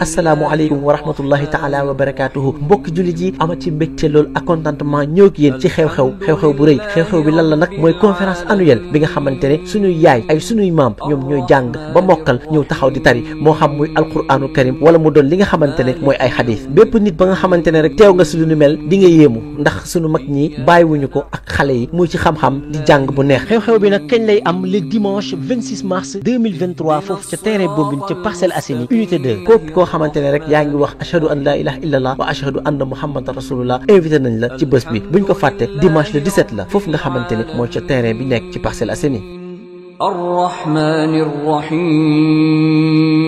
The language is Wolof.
asalaamualeykum wa rahmatullahi taala wa barakaatuhu mbokki jullit yi ama ci mbégte loolu ak contentement ñëw ak yéen ci xew-xew xew bu rëy xew-xew bi lan la nag mooy conférence annuelle bi nga xamante ne suñuy yaay ay suñuy maam ñoom ñooy jàng ba mokkal ñëw taxaw di tari moo xam muy alquraanu karim wala mu doon li nga xamante ne mooy ay xadis bépp nit ba nga xamante ne rek teew nga si lu nu mel di nga yéemu ndax suñu mag ñi bàyyiwuñu ko ak xale yi muy ci xam-xam di jàng bu neex xew-xew bi nag kañ lay am le dimanche 26 mars 2023 foofu ca terrain Bombine ca Parcelles Assainies unité 2 képp koo xamante ne rek yaa ngi wax ashhadu an laa ilaha illallah wa ashhadu anna muhammadan rasulullah invité nañ la ci bés bi buñ ko fàtte dimanche le 17 la foofu nga xamante ne mooy ca bi nekk ci Parcelles Assainies ar-Rahmaanir